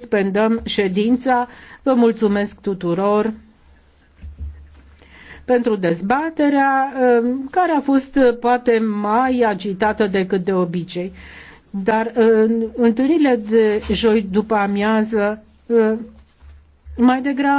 suspendăm ședința. Vă mulțumesc tuturor pentru dezbaterea, uh, care a fost uh, poate mai agitată decât de obicei. Dar uh, întâlnirile de joi după amiază mai degrabă